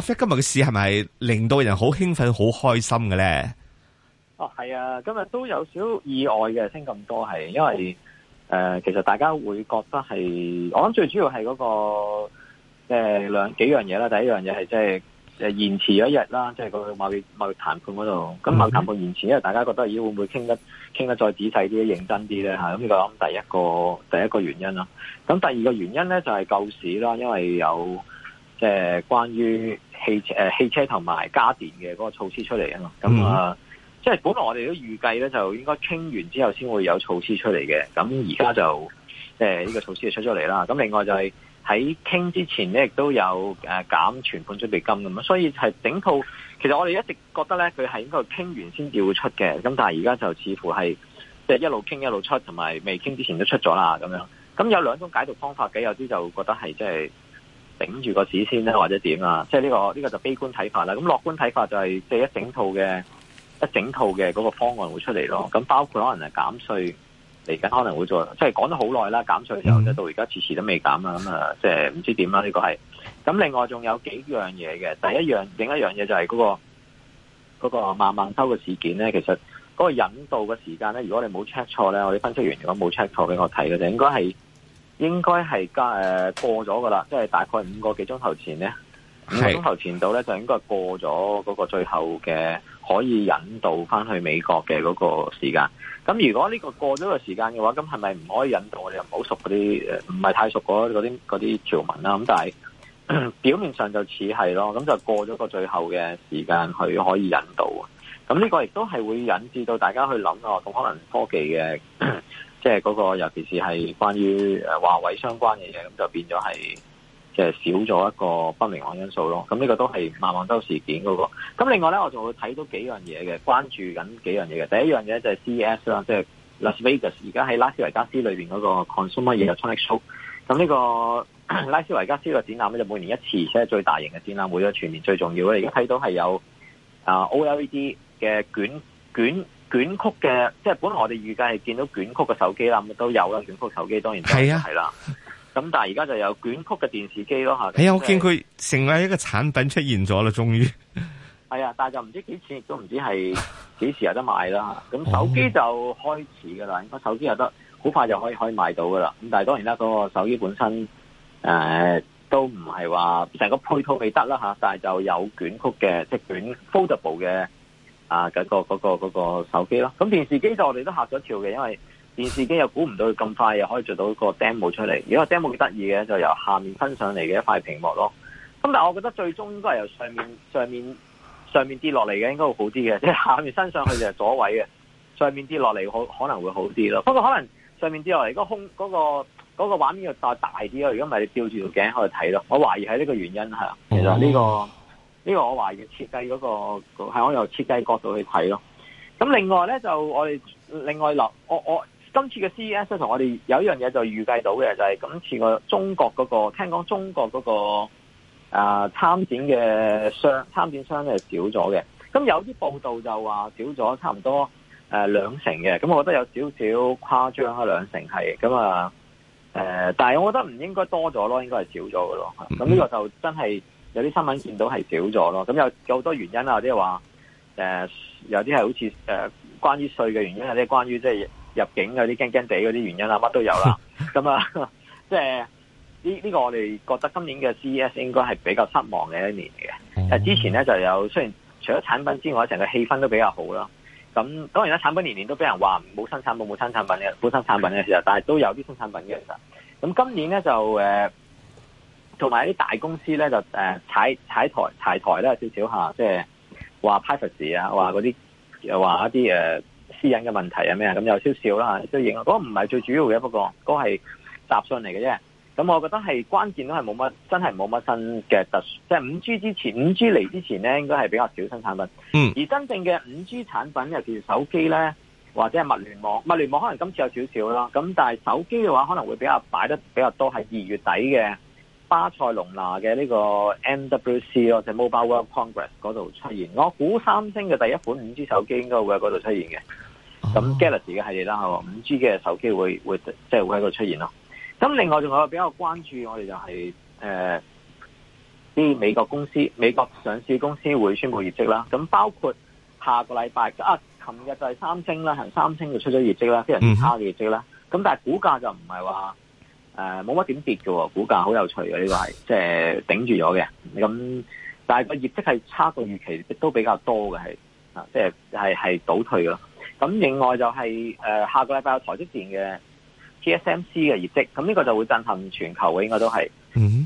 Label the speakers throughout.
Speaker 1: 今日嘅市係咪令到人好興奮、好開心嘅咧？
Speaker 2: 哦，係啊，今日都有少意外嘅，升咁多係因為誒、呃，其實大家會覺得係我諗最主要係嗰、那個即係兩幾樣嘢啦。第一樣嘢係即係誒延遲咗一日啦，即係去貿易貿易談判嗰度，咁貿談判延遲，因為大家覺得咦會唔會傾得傾得再仔細啲、認真啲咧吓？咁呢個諗第一個第一個原因啦。咁第二個原因咧就係救市啦，因為有。即係、呃、關於汽車誒、呃，汽車同埋家電嘅嗰個措施出嚟啊嘛，咁啊，呃嗯、即係本來我哋都預計咧，就應該傾完之後先會有措施出嚟嘅。咁而家就，誒、呃、呢、這個措施就出咗嚟啦。咁另外就係喺傾之前咧，亦都有誒減存款準備金咁啊。所以係整套，其實我哋一直覺得咧，佢係應該傾完先至會出嘅。咁但係而家就似乎係即係一路傾一路出，同埋未傾之前都出咗啦咁樣。咁有兩種解讀方法嘅，有啲就覺得係即係。就是頂住個紙先咧，或者點啊？即係、呢、呢個呢、呢個就悲觀睇法啦。咁樂觀睇法就係即係一整套嘅一整套嘅嗰個方案會出嚟咯。咁包括可能係減稅嚟緊，可能會再即係講得好耐啦。減稅嘅時候咧，到而家遲遲都未減啊。咁啊，即係唔知點啦。呢個係咁。另外仲有幾樣嘢嘅。第一樣，另一樣嘢就係嗰、嗰個嗰、嗰個慢慢收嘅事件咧。其實嗰個引導嘅時間咧，如果你冇 check 錯咧，我哋分析員如果冇 check 錯俾我睇嘅就應該係。應該係加誒，過咗㗎喇，即係大概五個幾鐘頭前咧，是五個鐘頭前度咧，就應該係過咗嗰個最後嘅可以引導返去美國嘅嗰個時間。咁如果呢個過咗個時間嘅話，咁係咪唔可以引導？我哋又唔好熟嗰啲，唔係太熟嗰啲啲條文啦。咁但係 表面上就似係咯，咁就過咗個最後嘅時間去可以引導。咁呢個亦都係會引致到大家去諗哦，咁可能科技嘅。 即係嗰個，尤其是係關於誒華為相關嘅嘢，咁就變咗係即係少咗一個不明朗因素咯。咁呢個都係孟晚舟事件嗰、那個。咁另外咧，我仲會睇到幾樣嘢嘅，關注緊幾樣嘢嘅。第一樣嘢就係 CES 啦，即係 Las Vegas。而家喺拉斯維加斯裏邊嗰個 Consumer Electronics Show。咁呢、這個 拉斯維加斯嘅展覽咧，就每年一次，而且係最大型嘅展覽會，全年最重要嘅。而家睇到係有啊、呃、OLED 嘅捲捲。捲捲曲嘅，即係本來我哋預計係見到捲曲嘅手機啦，咁都有啦，捲曲手機當然係啦。咁、啊、但係而家就有捲曲嘅電視機咯，係啊、哎呀，是我見佢
Speaker 1: 成為一個產品出現咗啦，終於
Speaker 2: 係啊，但係就唔知幾錢，亦都唔知係幾時有得賣啦。咁 手機就開始噶啦，應該手機有得好快就可以可以買到噶啦。咁但係當然啦，嗰、嗰個手機本身誒、呃、都唔係話成個配套未得啦吓，但係就有捲曲嘅即係捲 foldable 嘅。啊！嗰個嗰個嗰個手機囉，咁電視機就我哋都嚇咗一跳嘅，因為電視機又估唔到佢咁快又可以做到個 demo 出嚟。如果個 demo 幾得意嘅，就由下面伸上嚟嘅一塊屏幕咯。咁但係我覺得最終應該係由上面上面上面跌落嚟嘅，應該會好啲嘅。即係下面伸上去就左位嘅，上面跌落嚟好可能會好啲咯。不過可能上面跌落嚟嗰空個畫面又再大啲咯。如果唔係你吊住條頸去睇咯，我懷疑係呢個原因嚇。嗯、其實呢個呢個我懷疑設計嗰個，係我由設計角度去睇咯。咁另外咧，就我哋另外落，我我今次嘅 CES 同我哋有一樣嘢就預計到嘅就係、是、今次個中國嗰、那個，聽講中國嗰、那個啊參展嘅商參展商咧係少咗嘅。咁有啲報道就話少咗差唔多誒呃、兩成嘅。咁我覺得有少少誇張啊，兩成係咁啊誒，但係我覺得唔應該多咗咯，應該係少咗嘅咯。咁呢個就真係。有啲新聞見到係少咗咯，咁有好多原因啊，有啲話誒，有啲係好似誒關於稅嘅原因，有啲、呃呃、關於即係入境嗰啲驚驚地嗰啲原因啊，乜都有啦。咁啊， 即係呢呢個我哋覺得今年嘅 CES 應該係比較失望嘅一年嚟嘅。其實、嗯、之前咧就有，雖然除咗產品之外，成個氣氛都比較好啦。咁當然啦，產品年年都俾人話冇新產品，冇新產品嘅，冇新、嗯、產品嘅時候，但係都有啲新產品嘅。其實，咁今年咧就、呃同埋啲大公司咧，就誒、啊、踩踩台踩台咧，有少少嚇，即係話 p r i v a c y 啊，話嗰啲又話一啲誒、啊、私隱嘅問題係咩啊？咁有少少啦，都認嗰唔係最主要嘅，不過嗰係雜訊嚟嘅啫。咁我覺得係關鍵都係冇乜真係冇乜新嘅特殊，即係五 G 之前五 G 嚟之前咧，應該係比較少新產品。嗯，而真正嘅五 G 產品，尤其是手機咧，或者係物聯網，物聯網可能今次有少少啦。咁但係手機嘅話，可能會比較擺得比較多，係二月底嘅。巴塞隆拿嘅呢個 MWC 咯，即係 Mobile World Congress 嗰度出現。我估三星嘅第一款五 G 手機應該會喺嗰度出現嘅。咁 Galaxy 嘅系列啦，五 G 嘅手機會會即係、即係、會喺度出現咯。咁另外仲有比較關注我、即係，我哋就係誒啲美國公司、美國上市公司會宣布業績啦。咁包括下個禮拜啊，琴日就係三星啦，三星就出咗業績啦，非常差嘅業績啦。咁、mm hmm. 但係股價就唔係話。誒，冇乜、呃、點跌嘅、哦，股價好有趣嘅呢個係，即係頂住咗嘅。咁但係個業績係差過預期，都比較多嘅係，啊，即係係係倒退咯。咁另外就係、是、誒、呃，下個禮拜有台積電嘅 TSMC 嘅業績，咁呢個就會震撼全球嘅，應該都係。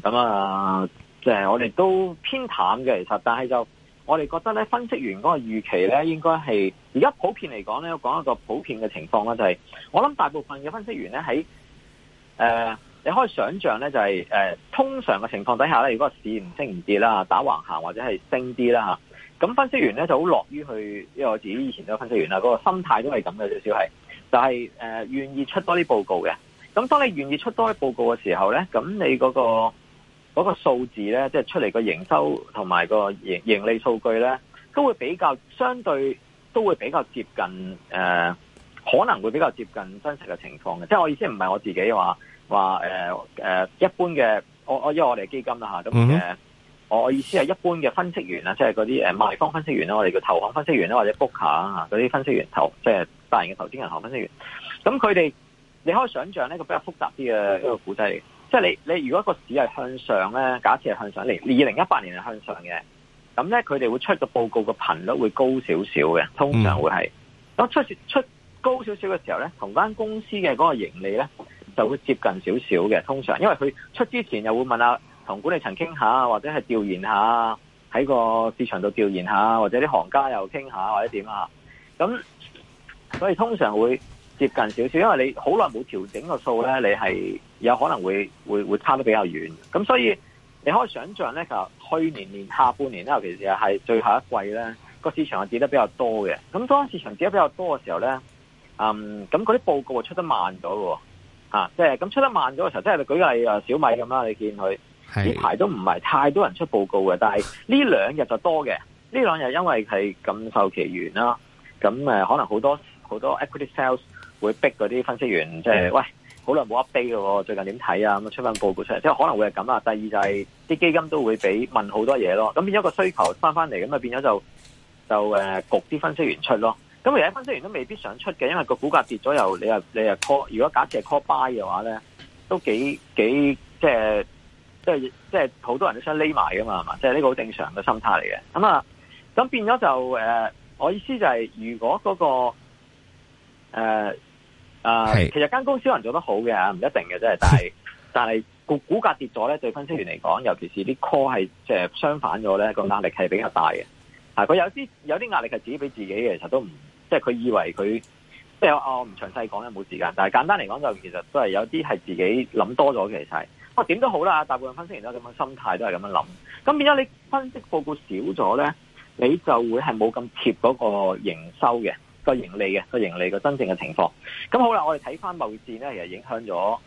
Speaker 2: 咁啊、mm，即、hmm. 係、呃就是、我哋都偏淡嘅，其實。但係就我哋覺得咧，分析員嗰個預期咧，應該係而家普遍嚟講咧，講一個普遍嘅情況啦、就是，就係我諗大部分嘅分析員咧喺。誒、呃，你可以想象咧，就係、是、誒、呃，通常嘅情況底下咧，如果市唔升唔跌啦，打橫行或者係升啲啦吓，咁分析員咧就好樂於去，因為我自己以前都有分析員啦，嗰、個心態都係咁嘅，少少係，就係、是、誒、呃、願意出多啲報告嘅。咁當你願意出多啲報告嘅時候咧，咁你嗰、個嗰、個數字咧，即、就、係、是、出嚟個營收同埋個盈盈利數據咧，都會比較相對都會比較接近誒。呃可能會比較接近真實嘅情況嘅，即係我意思唔係我自己話話誒誒一般嘅，我我因為我哋基金啦嚇咁嘅，我意思係一般嘅分析員啊，即係嗰啲誒賣方分析員啦，我哋叫投行分析員啦，或者 book 下啊嗰啲分析員投，即係大型嘅投資銀行分析員。咁佢哋你可以想象呢個比較複雜啲嘅一個估計，嗯、即係你你如果個市係向上咧，假設係向上嚟，二零一八年係向上嘅，咁咧佢哋會出個報告嘅頻率會高少少嘅，通常會係咁出出。出高少少嘅時候呢，同間公司嘅嗰個盈利呢就會接近少少嘅，通常因為佢出之前又會問下同管理層傾下或者係調研下喺個市場度調研下，或者啲行家又傾下或者點啊，咁所以通常會接近少少，因為你好耐冇調整個數呢，你係有可能會會會差得比較遠。咁所以你可以想象呢，其實去年年下半年呢，尤其是係最後一季呢，個市場係跌得比較多嘅。咁當市場跌得比較多嘅時候呢。嗯，咁嗰啲報告出得慢咗喎、啊啊。即係咁出得慢咗嘅時候，即係你舉例啊，小米咁啦，你見佢呢排都唔係太多人出報告嘅，但係呢兩日就多嘅。呢兩日因為係咁受期完啦、啊，咁、啊、可能好多好多 equity sales 會逼嗰啲分析員，即係是喂，好耐冇 update 嘅喎，最近點睇啊？咁出返報告出嚟，即係可能會係咁啦。第二就係、是、啲基金都會俾問好多嘢咯，咁變咗個需求翻翻嚟，咁啊變咗就就誒焗啲分析員出咯。咁而家分析員都未必想出嘅，因為個股價跌咗，又你又你又 call。如果假設係 call buy 嘅話咧，都幾幾即係即係即係好多人都想匿埋噶嘛，係嘛？即係呢個好正常嘅心態嚟嘅。咁啊，咁變咗就誒，我意思就係，如果嗰個誒是誒其實間公司可能做得好嘅唔一定嘅即係是，但係但係個股價跌咗咧，對分析員嚟講，尤其是啲 call 係即係相反咗咧，個壓力係比較大嘅。佢有啲有啲壓力係自己俾自己嘅，其實都唔。即係佢以為佢，即係、哦、我唔詳細講啦，冇時間。但係簡單嚟講，就其實都係有啲係自己諗多咗嘅。其實。哦，點都好啦，大部分分析員都咁嘅心態，都係咁樣諗。咁變咗你分析報告少咗咧，你就會係冇咁貼嗰個營收嘅個盈利嘅個盈利嘅真正嘅情況。咁好啦，我哋睇翻貿易戰咧，其實影響咗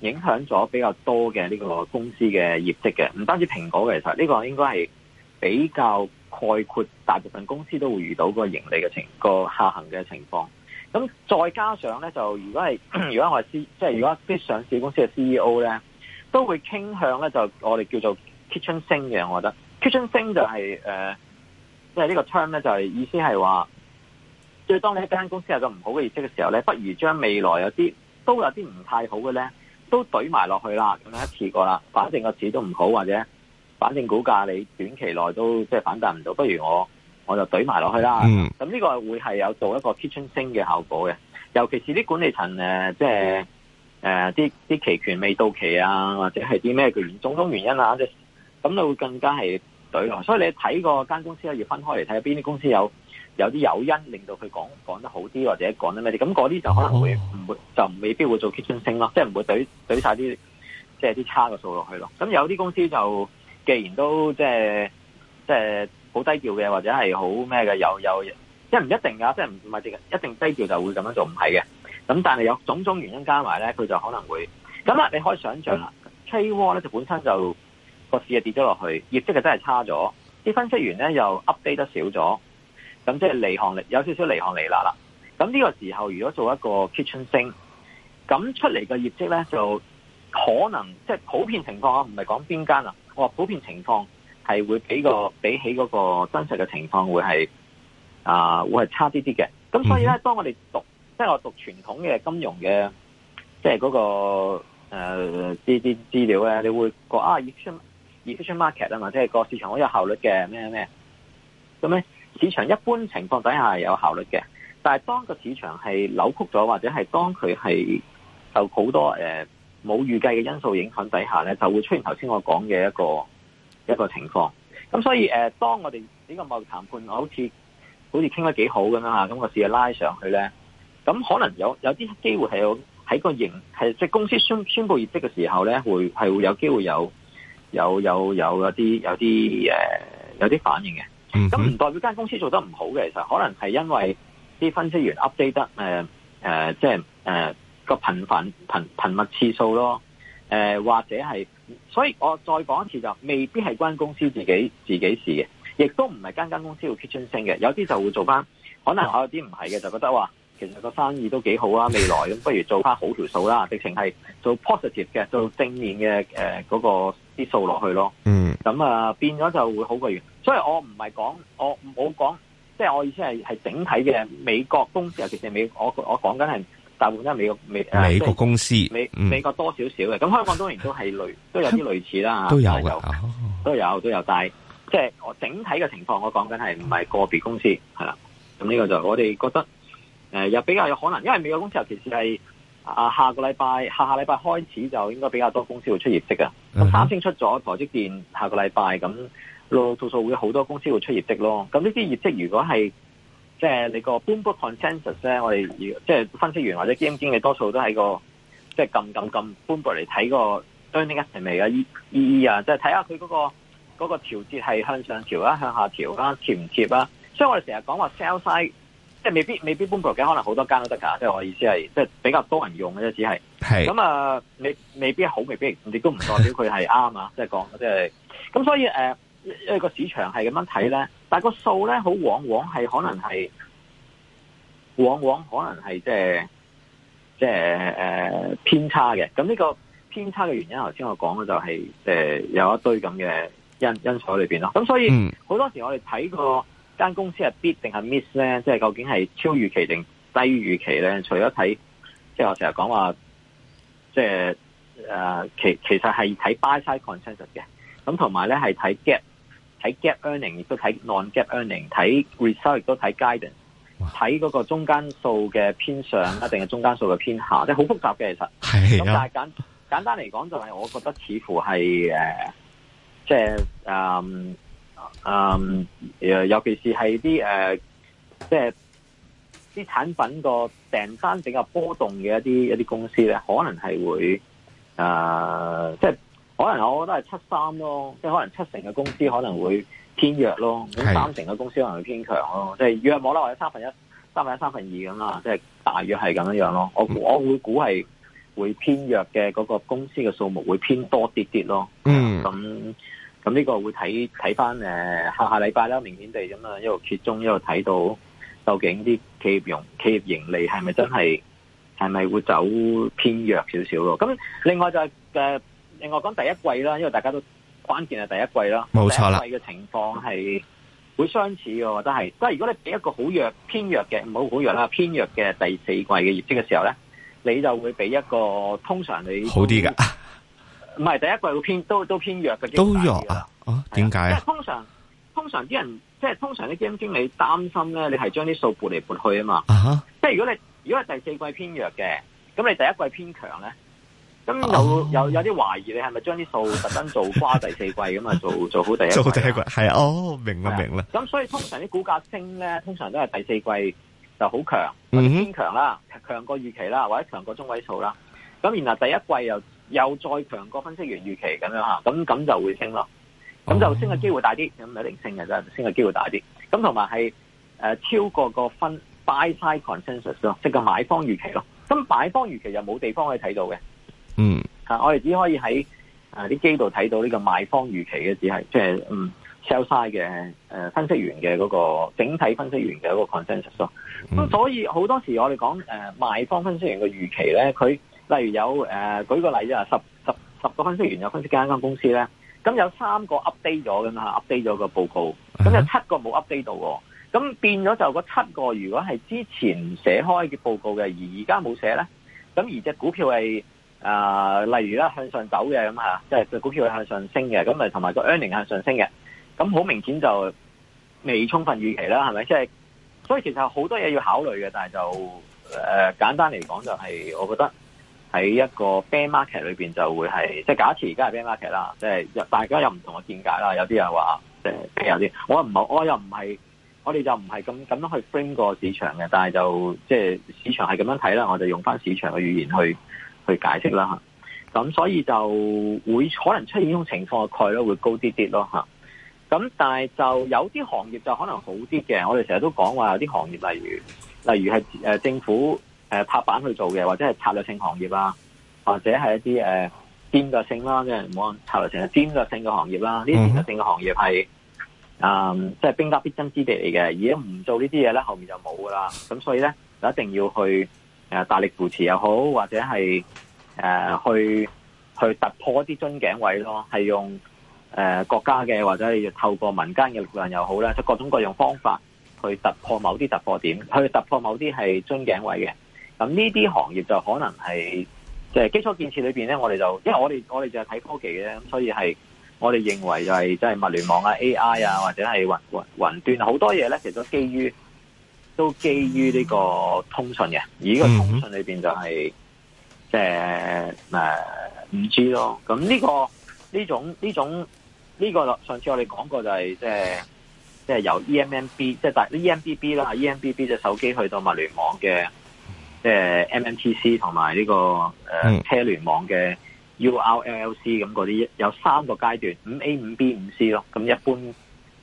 Speaker 2: 影響咗比較多嘅呢個公司嘅業績嘅，唔單止蘋果嘅其實呢個應該係比較。概括大部分公司都會遇到個盈利嘅情、個下行嘅情況，咁再加上咧就如果係 如果我係 C，即係如果啲上市公司嘅 CEO 咧，都會傾向咧就我哋叫做 Kitchen 升嘅，我覺得 Kitchen 升就係、是、誒，即、呃、係、就是、呢個 term 咧就係、是、意思係話，即係當你一間公司有個唔好嘅業績嘅時候咧，不如將未來有啲都有啲唔太好嘅咧，都懟埋落去啦，咁樣一次過啦，反正個市都唔好或者。反正股價你短期內都即係反彈唔到，不如我我就懟埋落去啦。咁呢、嗯、個會係有做一個 Kitchen 升嘅效果嘅，尤其是啲管理層誒，即係誒啲啲期權未到期啊，或者係啲咩原因，種種原因啊，即咁、啊、就會更加係懟落。所以你睇個間公司可以分開嚟睇，邊啲公司有有啲誘因令到佢講講得好啲，或者講得咩啲，咁嗰啲就可能會唔、哦、會就未必會做 Kitchen 升咯、啊，即係唔會懟懟晒啲即係啲差嘅數落去咯。咁有啲公司就。既然都即係即係好低調嘅，或者係好咩嘅，有有即係唔一定噶，即係唔唔係一定低調就會咁樣做，唔係嘅。咁但係有種種原因加埋咧，佢就可能會咁啦。你可以想象啦，K 窩咧就本身就個市啊跌咗落去，業績就真係差咗，啲分析員咧又 update 得少咗，咁即係離行，有少少離行離咧啦。咁呢個時候如果做一個 kitchen 星，咁出嚟嘅業績咧就可能即係普遍情況，唔係講邊間啦。我普遍情況係會比個比起嗰個真實嘅情況會係啊、呃，會係差啲啲嘅。咁所以咧，當我哋讀即係我讀傳統嘅金融嘅，即係嗰、那個誒啲啲資料咧，你會覺啊，efficient efficient market 啊嘛、啊，即係個市場好有效率嘅咩咩？咁咧，市場一般情況底下係有效率嘅，但係當個市場係扭曲咗，或者係當佢係有好多誒。呃冇預計嘅因素影響底下咧，就會出現頭先我講嘅一個一個情況。咁所以誒、呃，當我哋呢個貿易談判我好似好似傾得幾好咁嘛。咁個市下拉上去咧，咁可能有有啲機會係有喺個營係即係公司宣宣佈業績嘅時候咧，會係會有機會有有有有有啲有啲、呃、有啲反應嘅。咁唔、mm hmm. 嗯、代表間公司做得唔好嘅，其實可能係因為啲分析員 update 得、呃、誒即、呃、係、呃呃呃個頻繁頻頻密次數咯，誒、呃、或者係，所以我再講一次就未必係關公司自己自己事嘅，亦都唔係間間公司會 keep 住升嘅，有啲就會做翻，可能我有啲唔係嘅，就覺得話其實個生意都幾好啦，未來咁不如做翻好條數啦，直情係做 positive 嘅，做正面嘅，誒嗰個啲數落去咯，嗯、啊，咁啊變咗就會好過原，所以我唔係講，我唔好講，即係我意思係係整體嘅美國公司，尤其係美國我我講緊係。大部分都係美國美美國公司，呃、美美國多少少嘅。咁、嗯、香港當然都係類都有啲類似啦，都有嘅，都有都有，但係即係我整體嘅情況，我講緊係唔係個別公司係啦。咁呢個就我哋覺得誒，呃、又比較有可能，因為美國公司尤其是係啊，下個禮拜下下禮拜開始就應該比較多公司會出業績嘅。咁三星出咗台積電，下個禮拜咁，陸陸續續會有好多公司會出業績咯。咁呢啲業績如果係。即係你個 Bloomberg consensus 咧，我哋要即係分析員或者基金經理多數都喺個即係撳撳撳 Bloomberg 嚟睇個 i n 家係咪有意義啊？即係睇下佢嗰個嗰、嗰個調節係向上調啊，向下調啊，貼唔貼啊？所以我哋成日講話 sell side，即係未必未必 Bloomberg 嘅，可能好多間都得噶。即係我意思係，即係比較多人用嘅啫，只係係咁啊，未未必好，未必亦都唔代表佢係啱啊。即係講，即係咁，所以、呃一個市場係咁樣睇咧，但係個數咧好往往係可能係往往可能係即係即係誒偏差嘅。咁呢個偏差嘅原因，頭先我講嘅就係誒有一堆咁嘅因因素裏面咯。咁所以好、嗯、多時我哋睇個間公司係 beat 定係 miss 咧，即係究竟係超預期定低預期咧，除咗睇即係我成日講話，即係誒其其實係睇 buy side consensus 嘅，咁同埋咧係睇 gap。睇 gap earning，亦都睇 non gap earning，睇 result 亦都睇 guidance，睇嗰個中間數嘅偏上啊，定係中間數嘅偏下，即係好複雜嘅其實。係咁的，但係簡簡單嚟講，就係我覺得似乎係誒，即係誒誒誒，尤其是係啲誒，即係啲產品個訂單比較波動嘅一啲一啲公司咧，可能係會誒，即、呃、係。就是可能我覺得係七三咯，即係可能七成嘅公司可能會偏弱咯，咁三成嘅公司可能會偏強咯，即係約莫啦，或者三分一、三分一、三分二咁啦，即係大約係咁樣樣咯。我我會估係會偏弱嘅嗰、那個公司嘅數目會偏多啲啲咯。嗯，咁咁呢個會睇睇返下下禮拜啦，明顯地咁啊，一路揭盅一路睇到究竟啲企業營企業盈利係咪真係係咪會走偏弱少少咯？咁另外就係、是呃另外講第一季啦，因為大家都關鍵係第一季啦，冇錯啦，第一季嘅情況係會相似嘅，都係。即係如果你俾一個好弱、偏弱嘅唔好好弱啦，偏弱嘅第四季嘅業績嘅時候咧，你就會俾一個通常你好啲噶。唔係第一季會偏都都，都偏弱嘅，都弱啊？哦對，點解啊？即係通常通常啲人，即係通常啲基金經理擔心咧，你係將啲數撥嚟撥去啊嘛。即係、uh huh. 如果你如果係第四季偏弱嘅，咁你第一季偏強咧？咁有、oh. 有有啲懷疑你係咪將啲數特登做瓜第四季咁啊？ 做做好第一季。做
Speaker 1: 第一季係啊，哦，明啦、啊、明啦。
Speaker 2: 咁所以通常啲股價升咧，通常都係第四季就好強，mm hmm. 先強啦，強過預期啦，或者強過中位數啦。咁然後第一季又又再強過分析員預期咁樣嚇，咁咁就會升咯。咁、oh. 就升嘅機會大啲，咁咪唔一定升嘅啫，升嘅機會大啲。咁同埋係超過個分 buy side consensus 咯，即係買方預期咯。咁買方預期又冇地方可以睇到嘅。嗯，啊、我哋只可以喺誒啲機度睇到呢個賣方預期嘅，只係即係嗯 sell side 嘅誒分析員嘅嗰、嗰個整體分析員嘅一個 consensus 咯、嗯。咁所以好多時我哋講誒賣方分析員嘅預期咧，佢例如有誒、呃、舉個例子啊，十十十個分析員有分析間間公司咧，咁有三個 update 咗噶嘛，update 咗個報告，咁有七個冇 update 到，咁變咗就嗰七個如果係之前寫開嘅報告嘅，而寫呢而家冇寫咧，咁而隻股票係。啊、呃，例如啦，向上走嘅咁即係股票向上升嘅，咁啊同埋個 earning 向上升嘅，咁好明顯就未充分預期啦，係咪？即係所以其實好多嘢要考慮嘅，但係就誒、呃、簡單嚟講就係，我覺得喺一個 bear market 裏邊就會係，即係假設而家係 bear market 啦，即係大家有唔同嘅見解啦，有啲人話即係 bear 啲，我唔係我又唔係我哋就唔係咁咁樣去 frame 個市場嘅，但係就即係市場係咁樣睇啦，我就用翻市場嘅語言去。去解釋啦嚇，咁所以就會可能出現呢種情況嘅概率會高啲啲咯嚇，咁但係就有啲行業就可能好啲嘅，我哋成日都講話有啲行業例如，例如係政府拍板去做嘅，或者係策略性行業啊，或者係一啲誒、呃、戰略性啦，即係唔好策略性戰略性嘅行業啦，呢啲、嗯、戰略性嘅行業係誒即係兵家必爭之地嚟嘅，而家唔做呢啲嘢咧，後面就冇噶啦，咁所以咧就一定要去。誒，大力扶持又好，或者係誒、呃、去去突破一啲樽頸位咯，係用誒、呃、國家嘅或者係透過民間嘅力量又好啦，即各種各樣方法去突破某啲突破點，去突破某啲係樽頸位嘅。咁呢啲行業就可能係即係基礎建設裏邊咧，我哋就因為我哋我哋就係睇科技嘅，咁所以係我哋認為就係即係物聯網啊、AI 啊，或者係雲雲雲端好多嘢咧，其實都基於。都基於呢個通訊嘅，而呢個通訊裏邊就係即係誒五 G 咯。咁呢個呢種呢種呢個，這種這種這個、上次我哋講過就係即係即係由 EMMB，即係但係 EMBB 啦、mm hmm.，EMBB 隻手機去到物聯網嘅，即、就、係、是、MMTC 同埋、這、呢個誒、mm hmm. 呃、車聯網嘅 URLLC 咁嗰啲，有三個階段五 A 五 B 五 C 咯。咁一般。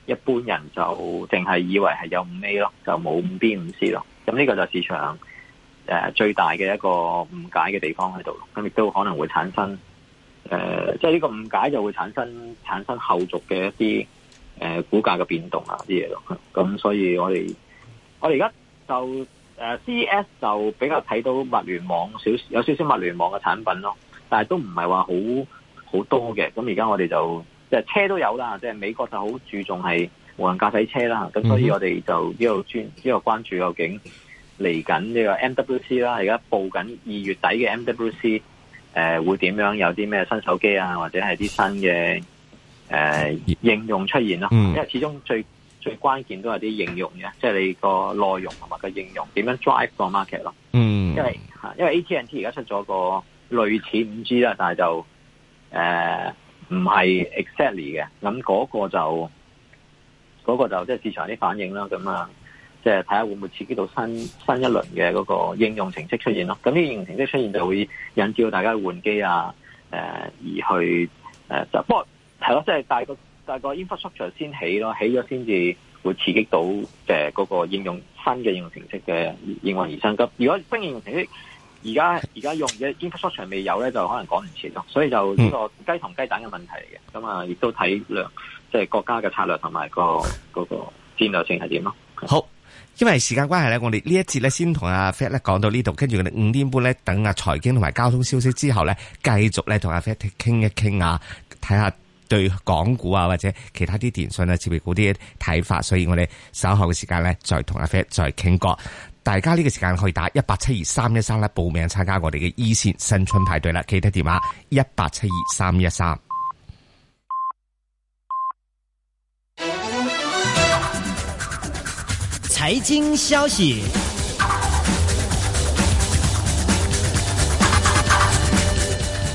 Speaker 2: 一般人就淨係以為係有五 A 咯，就冇五 B 五 C 咯。咁、嗯、呢、這個就市場誒、呃、最大嘅一個誤解嘅地方喺度。咁、嗯、亦都可能會產生誒，即係呢個誤解就會產生產生後續嘅一啲誒、呃、股價嘅變動啊啲嘢咯。咁、嗯、所以我哋我哋而家就、呃、CS 就比較睇到物聯網少有少少物聯網嘅產品咯，但係都唔係話好好多嘅。咁而家我哋就。就車都有啦，即係美國就好注重係無人駕駛車啦，咁、嗯、所以我哋就一路專一路關注究竟嚟緊呢個 MWC 啦，而家報緊二月底嘅 MWC，誒、呃、會點樣有啲咩新手機啊，或者係啲新嘅誒、呃、應用出現啦。嗯、因為始終最最關鍵都係啲應用嘅，即、就、係、是、你個內容同埋個應用點樣 drive 個 market 咯。
Speaker 1: 嗯，
Speaker 2: 因，因為吓，因為 AT&T 而家出咗個類似五 G 啦，但係就誒。呃唔係 exactly 嘅，咁嗰個就嗰個就即係市場啲反應啦。咁啊，即係睇下會唔會刺激到新新一輪嘅嗰個應用程式出現咯。咁呢個應用程式出現就會引致到大家換機啊，誒而去就、啊、不過係咯，即係大個大個 infrastructure 先起咯，起咗先至會刺激到嗰個應用新嘅應用程式嘅應運而生。咁如果新應用程式。而家而家用嘅 infrastructure 未有咧，就可能趕唔切咯。所以就呢個雞同雞蛋嘅問題嚟嘅。咁啊，亦都睇量，即係國家嘅策略同埋、嗰個、嗰個戰略性係點咯。好，
Speaker 1: 因為時間關係咧，我哋呢一節咧先同阿 Fat 咧講到呢度，跟住我哋五點半咧等啊財經同埋交通消息之後咧，繼續咧同阿 Fat 傾一傾啊，睇下對港股啊或者其他啲電信啊、設備股啲睇法。所以我哋稍後嘅時間咧，再同阿 Fat 再傾過。大家呢個時間可以打一八七二三一三啦，報名參加我哋嘅一線新春派對啦！記得電話一八七二三一三。
Speaker 3: 財經消息。